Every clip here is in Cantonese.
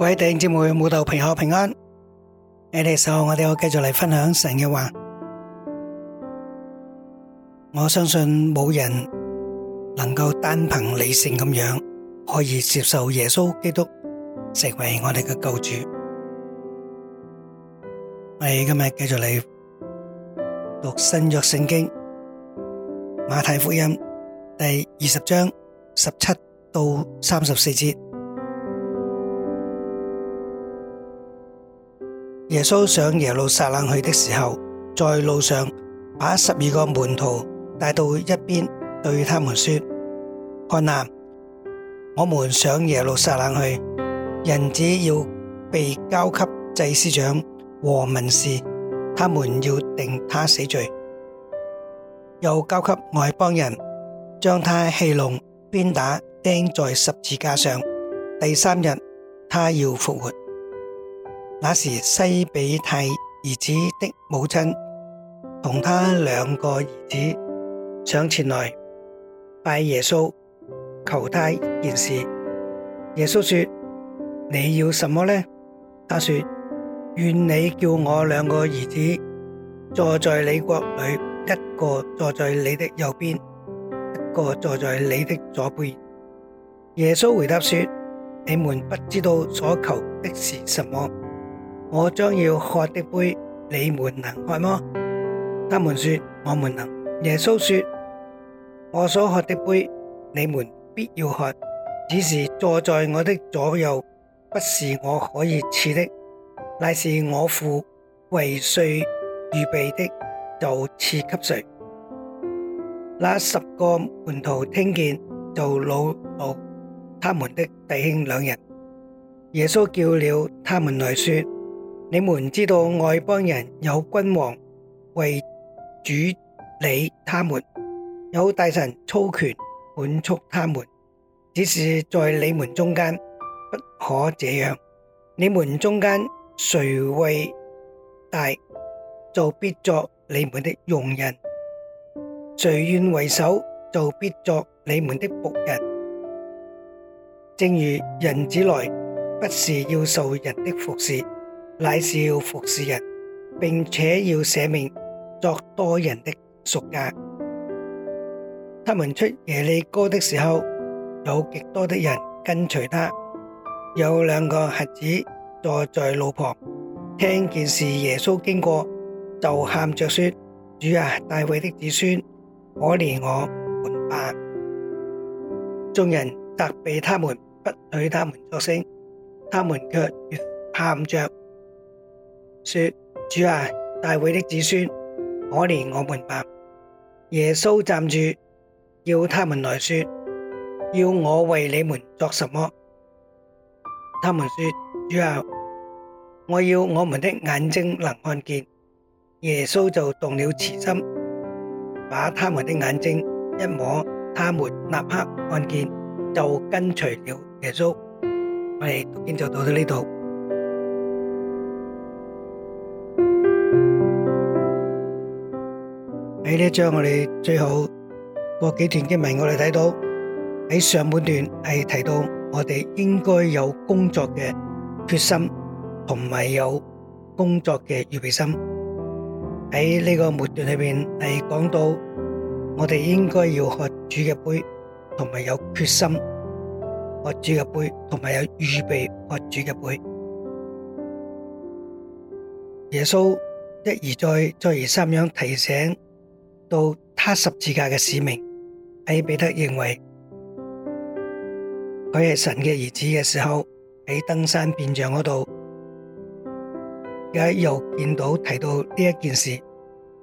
各位弟兄姊妹，務求平安平安。你哋好，我哋會繼續嚟分享神嘅話。我相信冇人能夠單憑理性咁樣可以接受耶穌基督成為我哋嘅救主。我哋今日繼續嚟讀新約聖經馬太福音第二十章十七到三十四節。耶穌上耶路撒冷去的時候，在路上把十二個門徒帶到一邊，對他們說：看哪、啊，我們上耶路撒冷去，人子要被交給祭司長和文士，他們要定他死罪，又交給外邦人將他戲弄、鞭打，釘在十字架上。第三日，他要復活。那時西比太兒子的母親同他兩個兒子上前來拜耶穌，求他一件事。耶穌說：你要什麼呢？他說：願你叫我兩個兒子坐在你國裏，一個坐在你的右邊，一個坐在你的左邊。耶穌回答說：你們不知道所求的是什麼。我將要喝的杯，你們能喝麼？他們說：我們能。耶穌說：我所喝的杯，你們必要喝。只是坐在我的左右，不是我可以賜的，乃是我父為誰預備的就賜給誰。那十個門徒聽見就惱怒他們的弟兄兩人。耶穌叫了他們來說。你們知道外邦人有君王為主理他們，有大臣操權管束他們，只是在你們中間不可這樣。你們中間誰為大，就必作你們的用人；誰願為首，就必作你們的僕人。正如人子來，不是要受人的服侍。乃是要服侍人，並且要捨命作多人的贖價。他們出耶利哥的時候，有極多的人跟隨他。有兩個瞎子坐在路旁，聽見是耶穌經過，就喊着說：主啊，大衛的子孫，可憐我們吧！眾人責備他們，不許他們作聲，他們却越喊着。說，主啊，大衛的子孫，可憐我們吧。耶穌站住，要他們來說，要我為你們作什麼？他們說，主啊，我要我們的眼睛能看見。耶穌就動了慈心，把他們的眼睛一摸，他們立刻看見，就跟隨了耶穌。我哋讀經就到咗呢度。喺呢章我哋最後嗰幾段經文，我哋睇到喺上半段係提到我哋應該有工作嘅決心，同埋有工作嘅預備心。喺呢個末段裏面係講到我哋應該要喝主嘅杯，同埋有決心喝主嘅杯，同埋有預備喝主嘅杯。耶穌一而再、再而三咁樣提醒。到他十字架嘅使命，喺彼得認為佢係神嘅兒子嘅時候，喺登山變像嗰度，而家又見到提到呢一件事。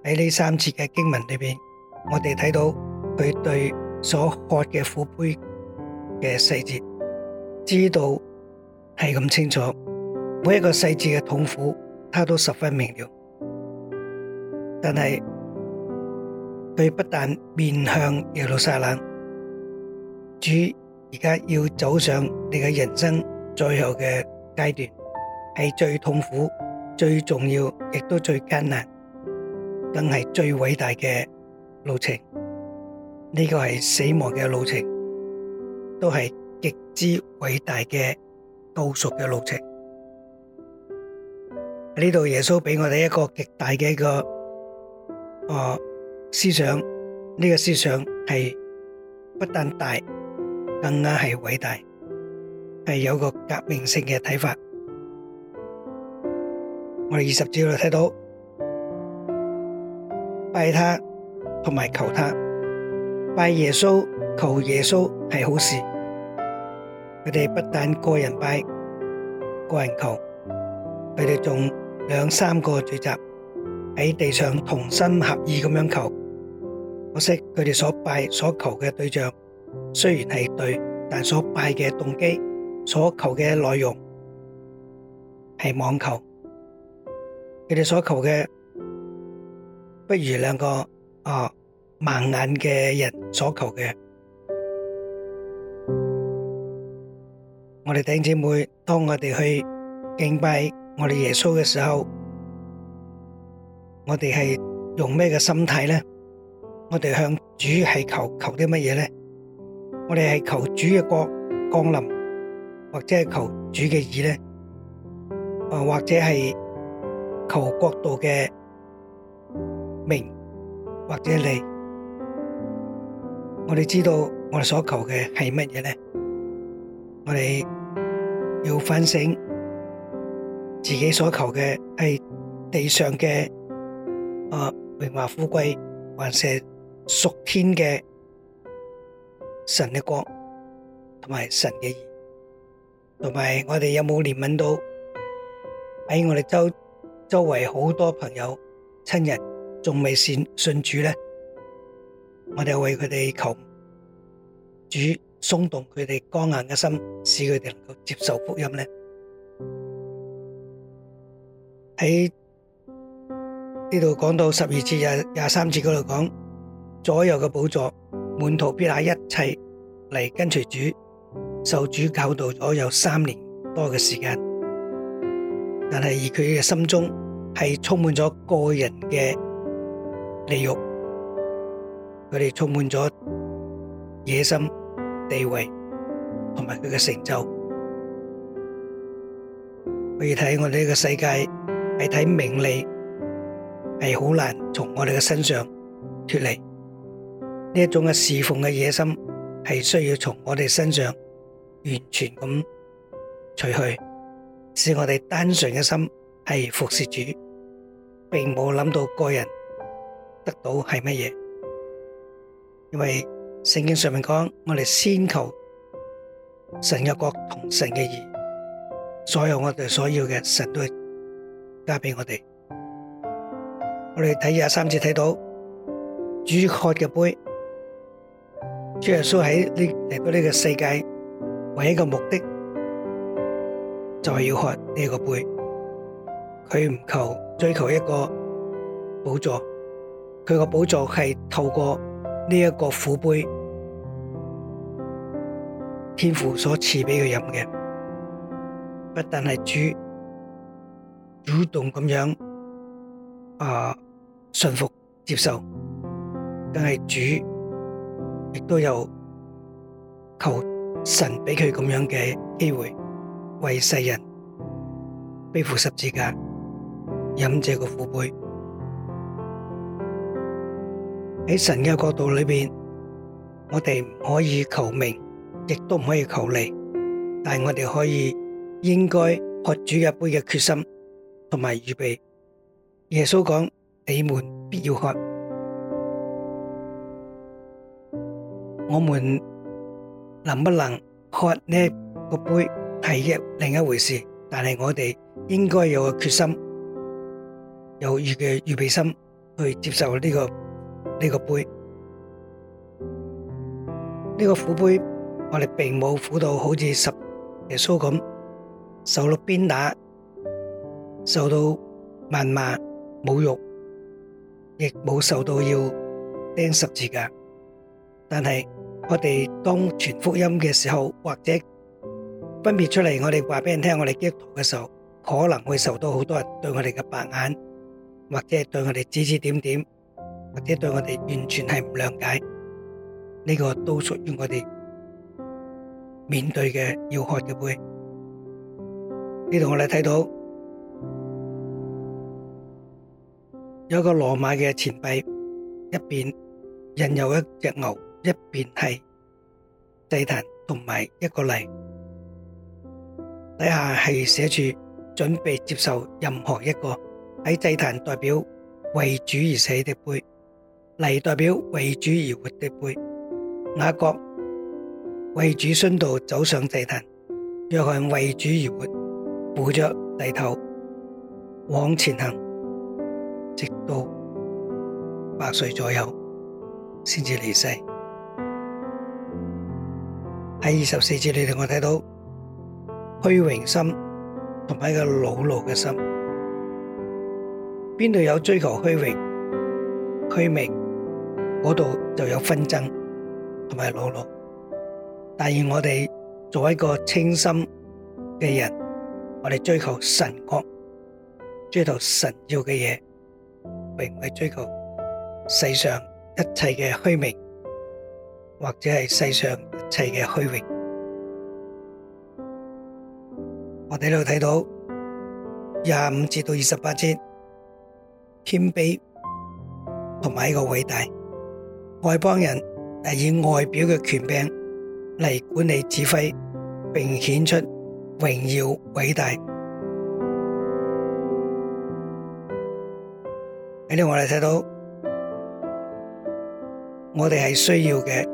喺呢三次嘅經文裏面，我哋睇到佢對所喝嘅苦杯嘅細節，知道係咁清楚，每一個細節嘅痛苦，他都十分明了，但係。佢不但面向耶路撒冷，主而家要走上你嘅人生最後嘅階段，係最痛苦、最重要，亦都最艱難，更係最偉大嘅路程。呢個係死亡嘅路程，都係極之偉大嘅救贖嘅路程。呢度耶穌俾我哋一個極大嘅一個，哦。思想，呢個思想係不但大，更加係偉大，係有個革命性嘅睇法。我哋二十節度睇到，拜他同埋求他，拜耶穌求耶穌係好事。佢哋不但個人拜、個人求，佢哋仲兩三個聚集。喺地上同心合意咁樣求，可惜佢哋所拜所求嘅對象雖然係對，但所拜嘅動機、所求嘅內容係妄求。佢哋所求嘅不如兩個啊盲眼嘅人所求嘅。我哋弟兄姊妹，當我哋去敬拜我哋耶穌嘅時候。我哋係用咩嘅心態咧？我哋向主係求求啲乜嘢咧？我哋係求主嘅國降臨，或者係求主嘅義咧，啊或者係求國度嘅名，或者利？我哋知道我哋所求嘅係乜嘢咧？我哋要反省自己所求嘅係地上嘅。啊！榮華富貴還是屬天嘅神嘅光，同埋神嘅義，同埋我哋有冇憐憫到喺我哋周周圍好多朋友、親人仲未信信主呢？我哋為佢哋求主鬆動佢哋剛硬嘅心，使佢哋能夠接受福音呢。喺。呢度講到十二節廿三節嗰度講左右嘅寶座，門徒必拿一切嚟跟隨主，受主教導咗有三年多嘅時間，但係而佢嘅心中係充滿咗個人嘅利欲，佢哋充滿咗野心、地位同埋佢嘅成就，可以睇我哋呢個世界係睇名利。係好難從我哋嘅身上脱離，呢一種嘅侍奉嘅野心，係需要從我哋身上完全咁除去，使我哋單純嘅心係服侍主，並冇諗到個人得到係乜嘢。因為聖經上面講，我哋先求神嘅國同神嘅義，所有我哋所要嘅神都係加俾我哋。我哋睇廿三節，睇到主喝嘅杯。主耶穌喺呢嚟到呢個世界唯一個目的，就係要喝呢個杯。佢唔求追求一個寶座，佢個寶座係透過呢一個苦杯，天父所賜俾佢飲嘅，不但係主主動咁樣啊。順服接受，但係主亦都有求神俾佢咁樣嘅機會，為世人背負十字架，飲這個苦杯。喺神嘅角度裏面，我哋唔可以求名，亦都唔可以求利，但係我哋可以應該喝主嘅杯嘅決心，同埋預備。耶穌講。你們必要喝，我們能不能喝呢個杯係嘅另一回事，但係我哋應該有個決心，有預嘅預備心去接受呢個呢個杯。呢個苦杯，我哋並冇苦到好似十耶穌咁，受咗鞭打，受到謾罵、侮辱。亦冇受到要釘十字架，但係我哋當傳福音嘅時候，或者分別出嚟，我哋話俾人聽我哋基督徒嘅時候，可能會受到好多人對我哋嘅白眼，或者對我哋指指點點，或者對我哋完全係唔諒解。呢個都屬於我哋面對嘅要喝嘅杯。呢度，我哋睇到。有個羅馬嘅錢幣，一邊印有一隻牛，一邊係祭壇同埋一個犁，底下係寫住準備接受任何一個，喺祭壇代表為主而死的杯，犁代表為主而活的杯。雅各為主殉道走上祭壇，約翰為主而活，扶着犁頭往前行。直到百歲左右先至離世。喺二十四節裏頭，我睇到虛榮心同埋一個勞碌嘅心。邊度有追求虛榮、虛名，嗰度就有紛爭同埋勞碌。但係我哋做一個清心嘅人，我哋追求神國，追求神要嘅嘢。並唔係追求世上一切嘅虛名，或者係世上一切嘅虛榮。我哋喺呢度睇到二十五至到二十八節，謙卑同埋一個偉大。外邦人係以外表嘅權柄嚟管理指揮，並顯出榮耀偉大。呢度，我哋睇到我哋係需要嘅，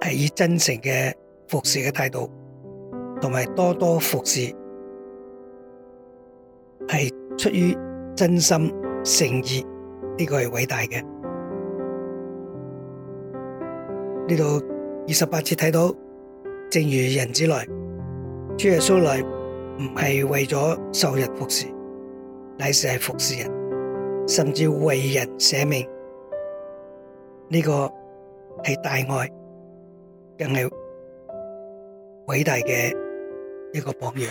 係以真誠嘅服侍嘅態度，同埋多多服侍，係出於真心誠意，呢、這個係偉大嘅。呢度二十八節睇到，正如人之來，主耶穌來唔係為咗受人服侍，乃是,是服侍人。甚至為人捨命,這個是大愛,更是偉大的一個榜樣。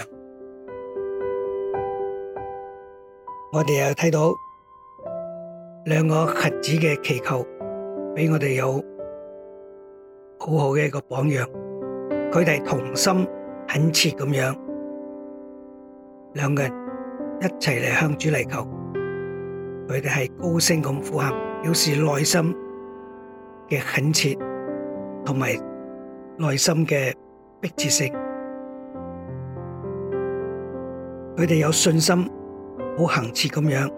我們又看到,兩個孩子的祈求,給我們有很好的一個榜樣,他們同心,很切這樣,兩個人一起來向主來求。佢哋係高聲咁呼喊，表示內心嘅懇切，同埋內心嘅迫切性。佢哋有信心，好行切咁樣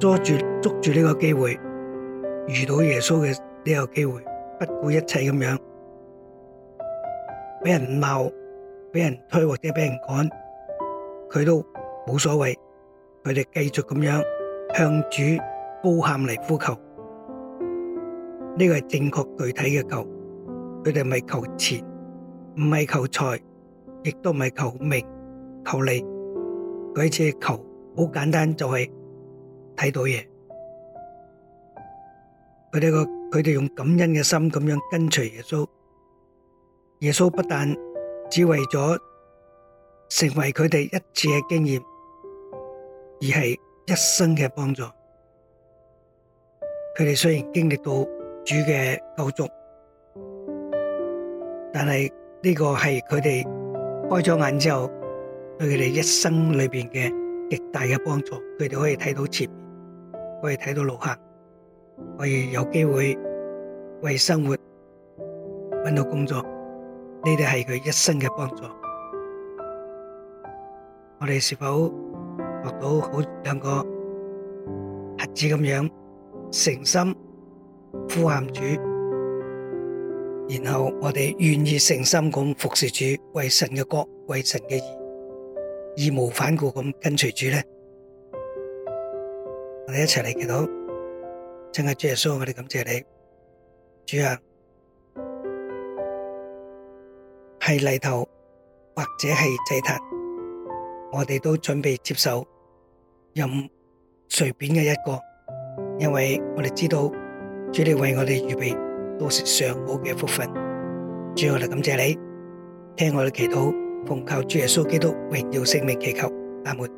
捉住捉住呢個機會，遇到耶穌嘅呢個機會，不顧一切咁樣俾人鬧、俾人推或者俾人趕，佢都冇所謂。佢哋繼續咁樣。向主高喊嚟呼求，呢個係正確具體嘅求。佢哋唔係求錢，唔係求財，亦都唔係求名、求利。佢一次嘅求好簡單，就係睇到嘢。佢哋個佢哋用感恩嘅心咁樣跟隨耶穌。耶穌不但只為咗成為佢哋一次嘅經驗，而係。一生嘅幫助，佢哋雖然經歷到主嘅救贖，但係呢個係佢哋開咗眼之後，對佢哋一生裏面嘅極大嘅幫助。佢哋可以睇到前面，可以睇到路行，可以有機會為生活搵到工作。呢啲係佢一生嘅幫助。我哋是否？學到好似兩個瞎子咁樣誠心呼喊主，然後我哋願意誠心咁服侍主，為神嘅國、為神嘅義，義無反顧咁跟隨主咧。我哋一齊嚟祈禱，真阿主耶穌，我哋感謝你，主啊，係泥頭或者係祭壇，我哋都準備接受。任隨便嘅一個，因為我哋知道，主你為我哋預備都是上好嘅福分。主，我哋感謝你，聽我哋祈禱，奉靠主耶穌基督榮耀聖名祈求，阿門。